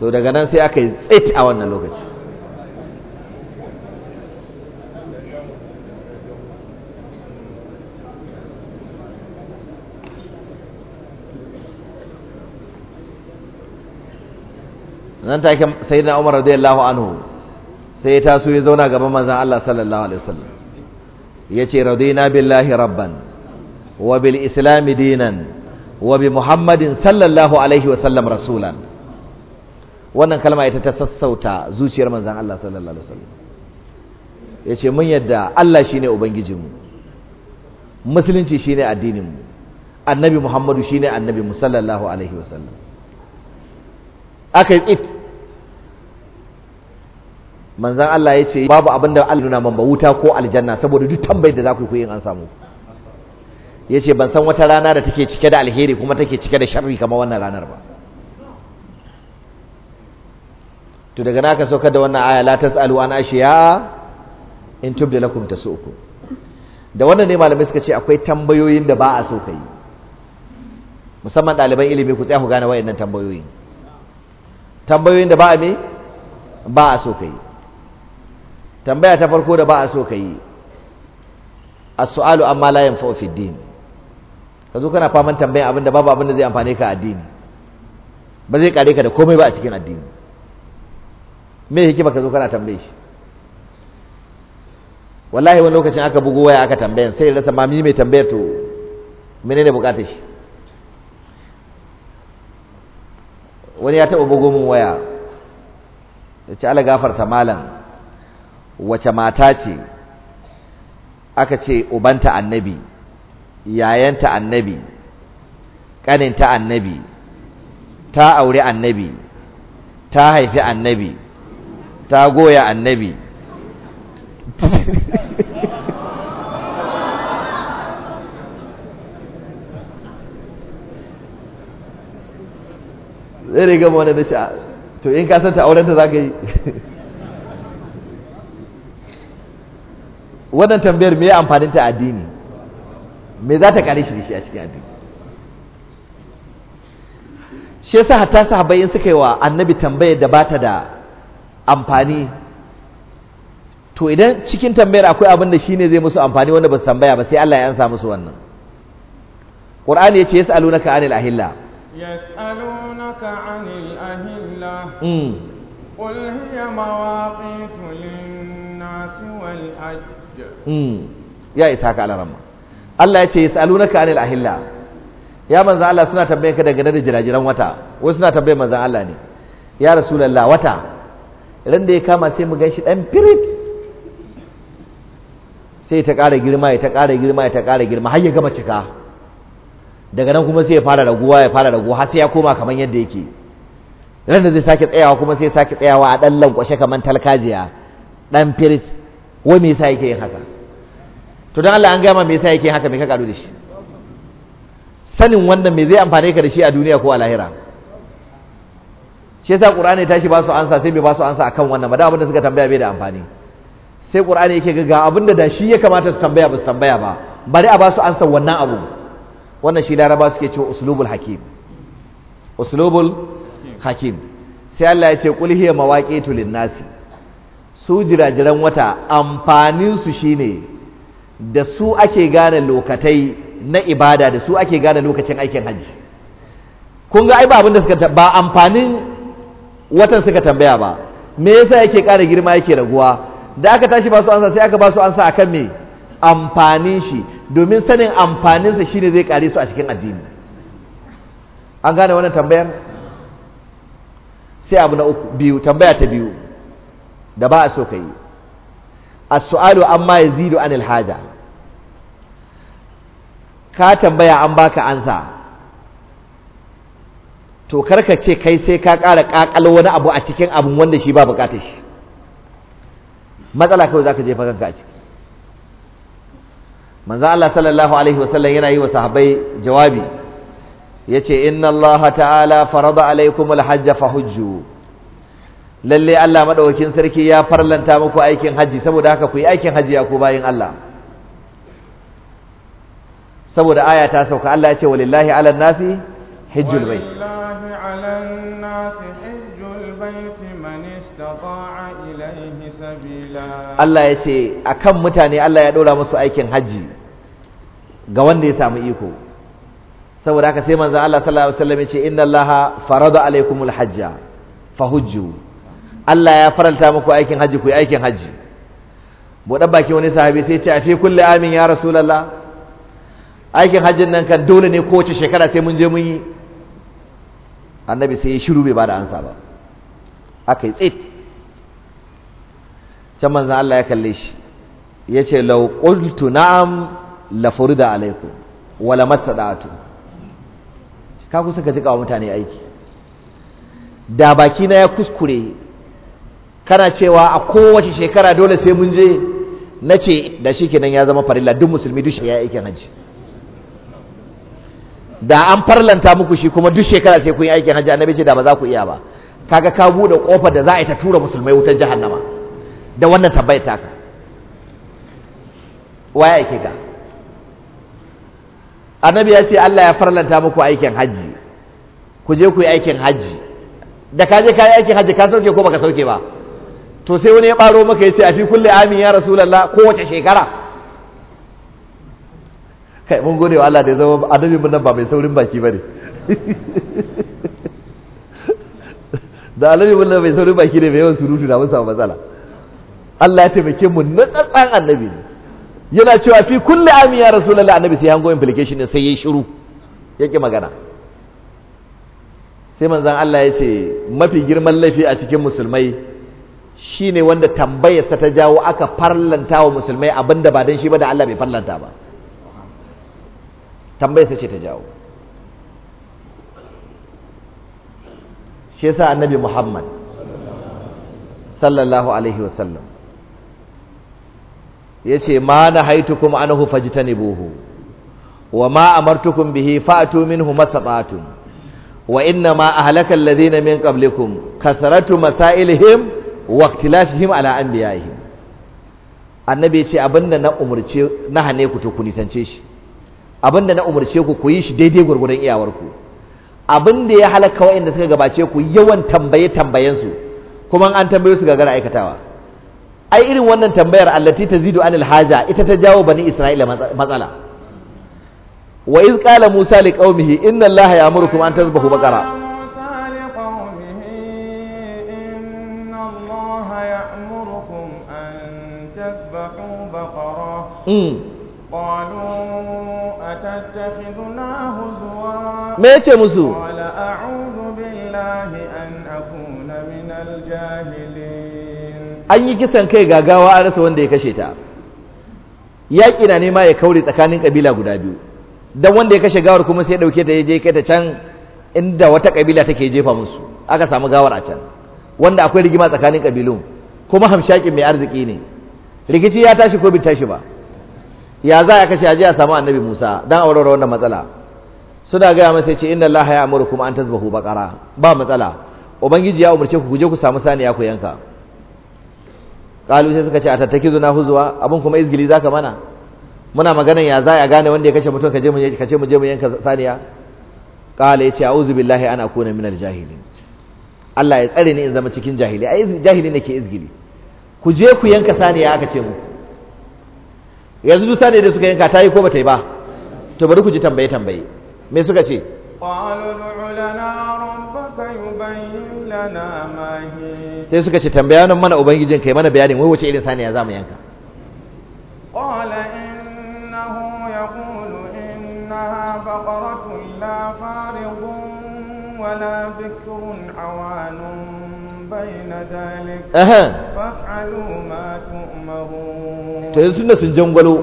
so [LAUGHS] daga nan sai aka yi tsit a wannan lokaci nan take sayyidina Umar radiyallahu anhu sai ya taso ya zauna gaban manzon Allah sallallahu alaihi wasallam yace radina billahi rabban wa bil islam dinan wa bi muhammadin sallallahu alaihi wasallam rasulan wannan kalma ita ta sassauta zuciyar manzon Allah sallallahu alaihi wasallam yace mun yadda Allah shine ubangijinmu musulunci shine addininmu annabi muhammadu shine annabi sallallahu alaihi wasallam aka yi tsit manzan Allah ya ce babu abin da Allah nuna man ba wuta ko aljanna saboda duk tambayar da za ku yi an samu ya ce ban san wata rana da take cike da alheri kuma take cike da sharri kama wannan ranar ba to daga naka saukar da wannan aya la tasalu an ashiya in tubda lakum uku da wannan ne malamai suka ce akwai tambayoyin da ba a so kai musamman ɗaliban ilimi ku tsaya ku gane wayannan tambayoyin tambayoyin da ba a me ba a so kai tambaya ta farko da ba a so ka yi as-su'alu amma la yanfa'u fi din ka zo kana faman tambayan abin da babu abin da zai amfane ka addini ba zai kare ka da komai ba a cikin addini me yake ka zo kana tambaye shi wallahi wani lokacin aka bugo waya aka tambayan sai rasa mami mai tambayar to menene bukatar shi wani ya taɓa bugo min waya ya ce ala gafarta malam wace mata ce aka ce ubanta annabi yayanta annabi ƙaninta annabi ta aure annabi ta haifi annabi ta goya annabi zai riga wani da sha to in ka san ta aurenta za ka yi [LAUGHS] wannan tambayar me ya amfanin ta addini me za ta kare shi da shi a cikin addini shi yasa hatta sahabbai in suka yi wa annabi tambayar da bata da amfani to idan cikin tambayar akwai abin da shine zai musu amfani wanda ba su tambaya ba sai Allah ya ansa musu wannan Qur'ani yace yas'alunaka anil ahilla
yas'alunaka anil ahilla mm. qul hiya mawaqitu lin-nasi wal-hajj
Hmm. ya isa ka alaramma Allah ya ce yasalunaka anil ahilla ya manzo Allah suna tambaye ka daga da jirajiran wata wasu suna tambaye manzo Allah ne ya rasulullah wata ran da ya kama sai mu ganshi dan firit sai ta ƙara girma ya ta ƙara girma ya ta ƙara girma har ya gama cika daga nan kuma sai ya fara raguwa ya fara raguwa har sai ya koma kamar yadda yake ran da zai sake tsayawa kuma sai ya sake tsayawa a dan lankwashe kamar talkajiya dan firit wai me yasa yake yin haka to dan Allah an gama me yasa yake yin haka me ka karu da shi sanin wannan me zai amfane ka da shi a duniya ko a lahira shi yasa qur'ani tashi ba su ansa sai bai ba su ansa akan wannan ba da abin da suka tambaya bai da amfani sai qur'ani yake ga abin da da shi ya kamata su tambaya ba su tambaya ba bari a ba su ansa wannan abu wannan shi laraba suke cewa uslubul hakim uslubul hakim sai Allah ya ce qul hiya mawaqitu lin-nasi su jirajiran wata amfaninsu shine da su ake gane lokatai na ibada da su ake gane lokacin aikin hajji kun ga ai ba abin da suka ba amfanin watan suka tambaya ba me yasa yake ƙara girma yake raguwa da aka tashi ba su ansa sai aka ba su ansa akan me amfanin shi domin sanin amfaninsa shine zai kare su a cikin addini an gane wannan tambayar sai abu na uku biyu tambaya ta biyu da ba a so ka yi as-su'alu amma yazidu anil haja ka tambaya an baka ansa to karka ce kai sai ka ƙara ƙaƙalo wani abu a cikin abin wanda shi ba buƙatar shi matsala kawai zaka jefa kanka a ciki manzo Allah sallallahu alaihi wasallam yana yi wa sahabbai jawabi yace inna Allah ta'ala farada alaikumul hajja fahujju lalle Allah madaukakin sarki ya farlanta muku aikin haji saboda haka ku yi aikin haji ya ku bayin Allah saboda aya ta sauka Allah ya ce walillahi ala nasi hijjul bayt
walillahi ala nasi hajjul bayt man istata'a ilayhi sabila Allah ya ce
akan mutane Allah ya dora musu aikin haji ga wanda ya samu iko saboda haka sai manzon Allah sallallahu alaihi wasallam ya ce inna Allaha farada alaikumul hajja fahujju Allah ya faranta muku aikin haji ku yi aikin haji buɗe baki wani sahabi sai ce a fi kulle amin ya rasulallah aikin hajjin nan kan dole ne kowace shekara sai mun je mun yi annabi sai ya shiru bai ba da ansa ba aka yi tsit can manzan Allah ya kalle shi ya ce lau qultu na'am la furida alaikum wala masadatu ka kusa ka jika wa mutane aiki da baki na ya kuskure kana cewa a kowace shekara dole sai mun je na ce da shi kenan ya zama farilla duk musulmi duk ya aikin hajji da an farlanta muku shi kuma duk shekara sai kun yi aikin hajji annabi ce da ba za ku iya ba kaga ka bude kofar da za a yi ta tura musulmai wutar jahannama da wannan tabbai taka waya yake ka annabi ya ce Allah ya farlanta muku aikin hajji ku je ku yi aikin hajji da ka je ka yi aikin hajji ka sauke ko baka sauke ba to sai wani ya ɓaro maka ya ce a fi kulle amin ya rasu lalla kowace shekara kai mun gode wa Allah da ya zama annabi mun nan ba mai saurin baki ba ne [LAUGHS] da annabi mun nan mai saurin baki ne mai yawan surutu na mun samu matsala Allah ya taimake mu na tsatsan annabi ne yana cewa fi kulle amin ya rasu lalla annabi sai hango implication sai ya yi shiru yake magana sai manzan Allah ya ce mafi girman laifi a cikin musulmai Shi ne wanda tambayarsa ta jawo aka farlanta wa musulmai abinda ba don shi ba da Allah bai farlanta ba tambayarsa ce ta jawo shi yasa annabi Muhammad sallallahu alaihi wasallam yace ma na haitu kuma nahaitukum anhu fajtanibuhu wa ma amartukum bihi fa'tu minhu mastata'tum wa inna ma ahlaka alladhina min qablikum kasratu masailihim waktilafihim ala anbiya'ihim annabi ce abinda na umurce na hane ku to ku nisance shi abinda na umurce ku ku shi daidai gurgurdan iyawarku abinda ya halaka wayanda suka gabace ku yawan tambaye tambayen su kuma an tambaye su gagara aikatawa ai irin wannan tambayar allati tazidu anil haja ita ta jawo bani isra'ila matsala wa iz qala musa liqaumihi inna allaha ya'murukum an tazbahu baqara
قالوا musu. هزوا
yi kisan kai ga gawa an rasa wanda ya kashe ta. yaƙi na nema ya kaure tsakanin ƙabila guda biyu don wanda ya kashe gawar kuma sai ya ɗauke ta ya je kai ta can inda wata ƙabila take jefa musu aka samu gawar a can wanda akwai rigima tsakanin ƙabilun kuma hamshakin mai arziki ne rikici ya tashi ko bai tashi ba ya za a kashe aje a samu annabi Musa dan aurora wannan matsala suna gaya masa ce inna allaha ya amuru kuma an tasbahu baqara ba matsala ubangiji ya umarce ku kuje ku samu saniya ku yanka kalu sai suka ce a tattaki zuna huzuwa abin kuma izgili zaka mana muna magana ya za a gane wanda ya kashe mutum ka mu kace mu je mu yanka saniya qala yace a'udhu billahi an akuna minal jahilin Allah ya tsare ni in zama cikin jahili ai jahili nake izgili ku je ku yanka saniya aka ce muku yanzu dusa ne da suka yanka ta yi ko bata yi ba to bari ku ji tambaye tambaye me suka ce sai suka ce tambaya nan mana ubangijin kai mana bayanin wai wace irin saniya za mu yanka
innahu yaqulu wala bikrun awanun بين ذلك أها فافعلوا ما
sun jangwalo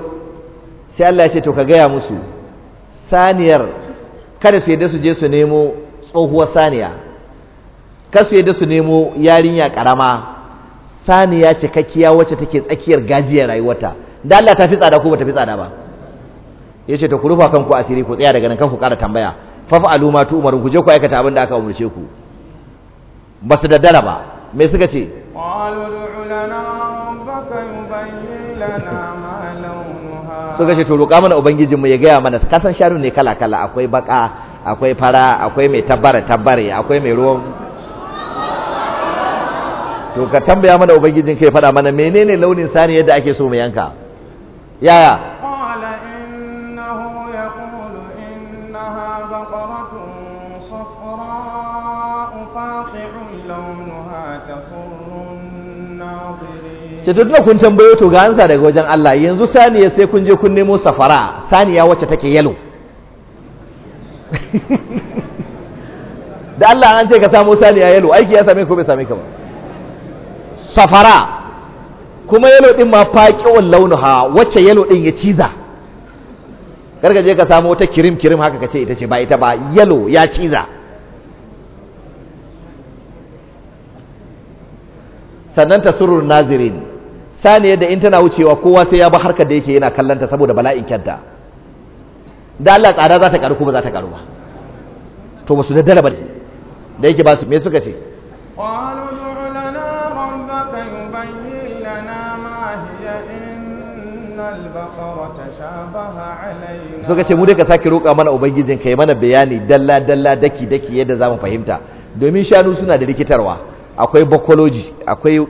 sai Allah ya ce to ka gaya musu saniyar kada su yadda su je su nemo tsohuwar saniya ka su yadda su nemo yarinya karama saniya cikakkiya wacce take tsakiyar gajiyar rayuwarta da Allah ta fi tsada ko ba ta fi tsada ba yace ta ku rufa kanku asiri ku tsaya daga nan kan ku kara tambaya fafa'alu ma tu'marun ku je ku aikata abin da aka umurce ku ba su daddara ba me suka ce
suka ce to roƙa mana
ubangijinmu ya gaya mana kasan sharu ne kala kala akwai baka akwai fara akwai mai tabbare tabbare akwai mai ruwan to ka tambaya mana ubangijin kai faɗa mana menene launin sani yadda ake so mu yanka yaya ce duk da kun tambayo to ga ansa daga wajen Allah yanzu saniya sai kun je kun nemo safara saniya wacce take yalo [LAUGHS] da Allah an ce ka samo saniya yalo aiki ya same ko bai same ka ba safara kuma yalo din ma wal launha wacce yalo din ya ciza karka je ka samo wata kirim kirim haka kace ita ce ba ita ba yalo ya ciza sannan tasurrul nazirin saniya da in tana wucewa kowa sai ya ba harkar da yake yana kallanta saboda bala'in kyanta da Allah tsada za ta karu kuma za ta karu ba to ba su da dalabar ne da yake ba su me suka ce suka ce mu dai ka sake roƙa mana ubangijin kai mana bayani dalla dalla daki daki yadda za mu fahimta domin shanu suna da rikitarwa akwai bakoloji akwai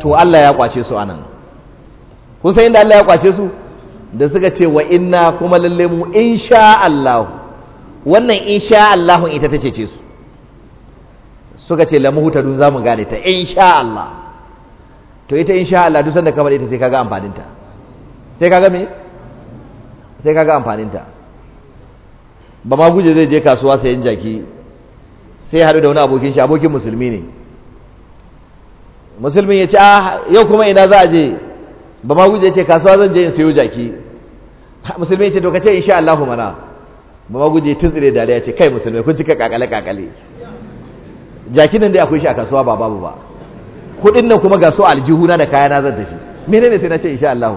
to Allah ya kwace su anan kun san inda Allah ya kwace su da suka ce wa inna kuma lalle mu insha Allah wannan insha Allah ita ta cece su suka ce la dun zamu gane ta insha Allah to ita insha Allah duk sanda kamar ita sai kaga amfanin ta sai kaga me sai kaga amfanin ta ba ma guje zai je kasuwa sayan jaki sai ya haɗu da wani abokin shi abokin musulmi ne musulmin ya ce a ah, yau kuma ina za a je ba ma guje ce kasuwa zan je in sayo jaki musulmi ya ce to ka ce insha Allah mana ba ma guje tun tsire dariya ce kai musulmi kun cika kakale kakale Jaki nan dai akwai shi a kasuwa ba babu ba kudin nan kuma ga su aljihuna da kaya na zan tafi menene sai na ce insha Allah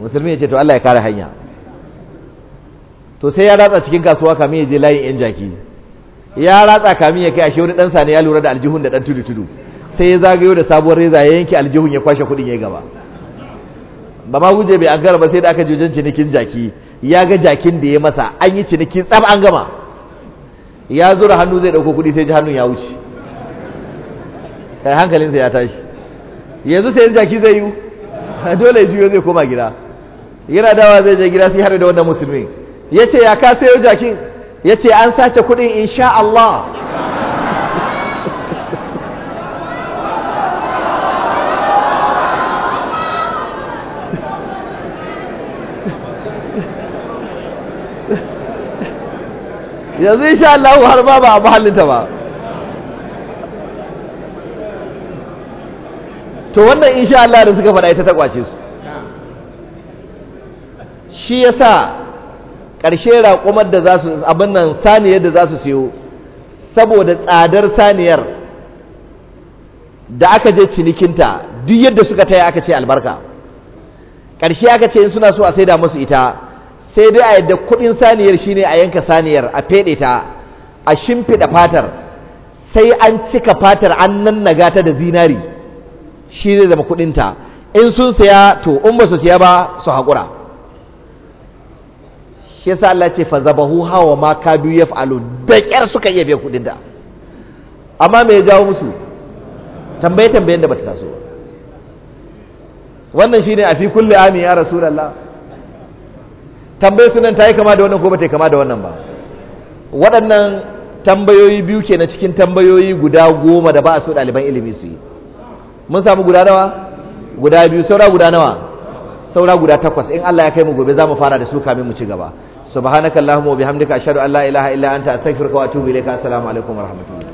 musulmi ya ce to Allah ya kare hanya to sai ya ratsa cikin kasuwa kamin ya je layin yan jaki ya ratsa kamin ya kai ashe wani dan sani ya lura da aljihun da dan tudu tudu sai ya zagayo da sabuwar reza ya yanke aljihun ya kwashe kuɗin ya gaba ba ma guje bai ankara ba sai da aka jojen cinikin jaki ya ga jakin da ya masa an yi ciniki tsab an gama ya zura hannu zai ɗauko kuɗi sai ji hannun ya wuce kai hankalinsa ya tashi yanzu sai jaki zai yi [LAUGHS] dole ya juyo zai koma gida yana dawa zai je gida sai har da wannan musulmi ya ce ya ka sayo jakin yace an sace kuɗin insha Allah yanzu insha Allah har ba ba a mahallinta ba to wannan insha Allah da suka faɗa ita ta kwace su shi yasa ƙarshe raƙumar da za su abin nan saniyar da za su siyo saboda tsadar saniyar da aka je cinikinta duk yadda suka taya aka ce albarka ƙarshe aka ce in suna so a saida musu ita sai dai a yadda kuɗin saniyar ne a yanka saniyar a feɗe ta a shimfiɗa fatar sai an cika fatar an nan na ta da zinari shi zai zama kuɗinta in sun saya to in ba su siya ba su haƙura shi yasa Allah ce fa zabahu hawa ma kadu yaf'alu da kyar suka iya biya kuɗinta amma me ya jawo musu tambaye tambayen da bata taso ba wannan ne a fi kulle ami ya rasulullah tambayar sunan ta yi kama da wannan ko ba ta yi kama da wannan ba waɗannan tambayoyi biyu ke na cikin tambayoyi guda goma da ba a so ɗaliban ilimi su yi mun samu guda nawa guda biyu saura guda nawa saura guda takwas in Allah ya kai mu gobe za mu fara da su kamin mu ci gaba subhanakallahumma wa bihamdika ashhadu an la ilaha illa anta astaghfiruka wa atubu ilayka assalamu alaikum wa rahmatullahi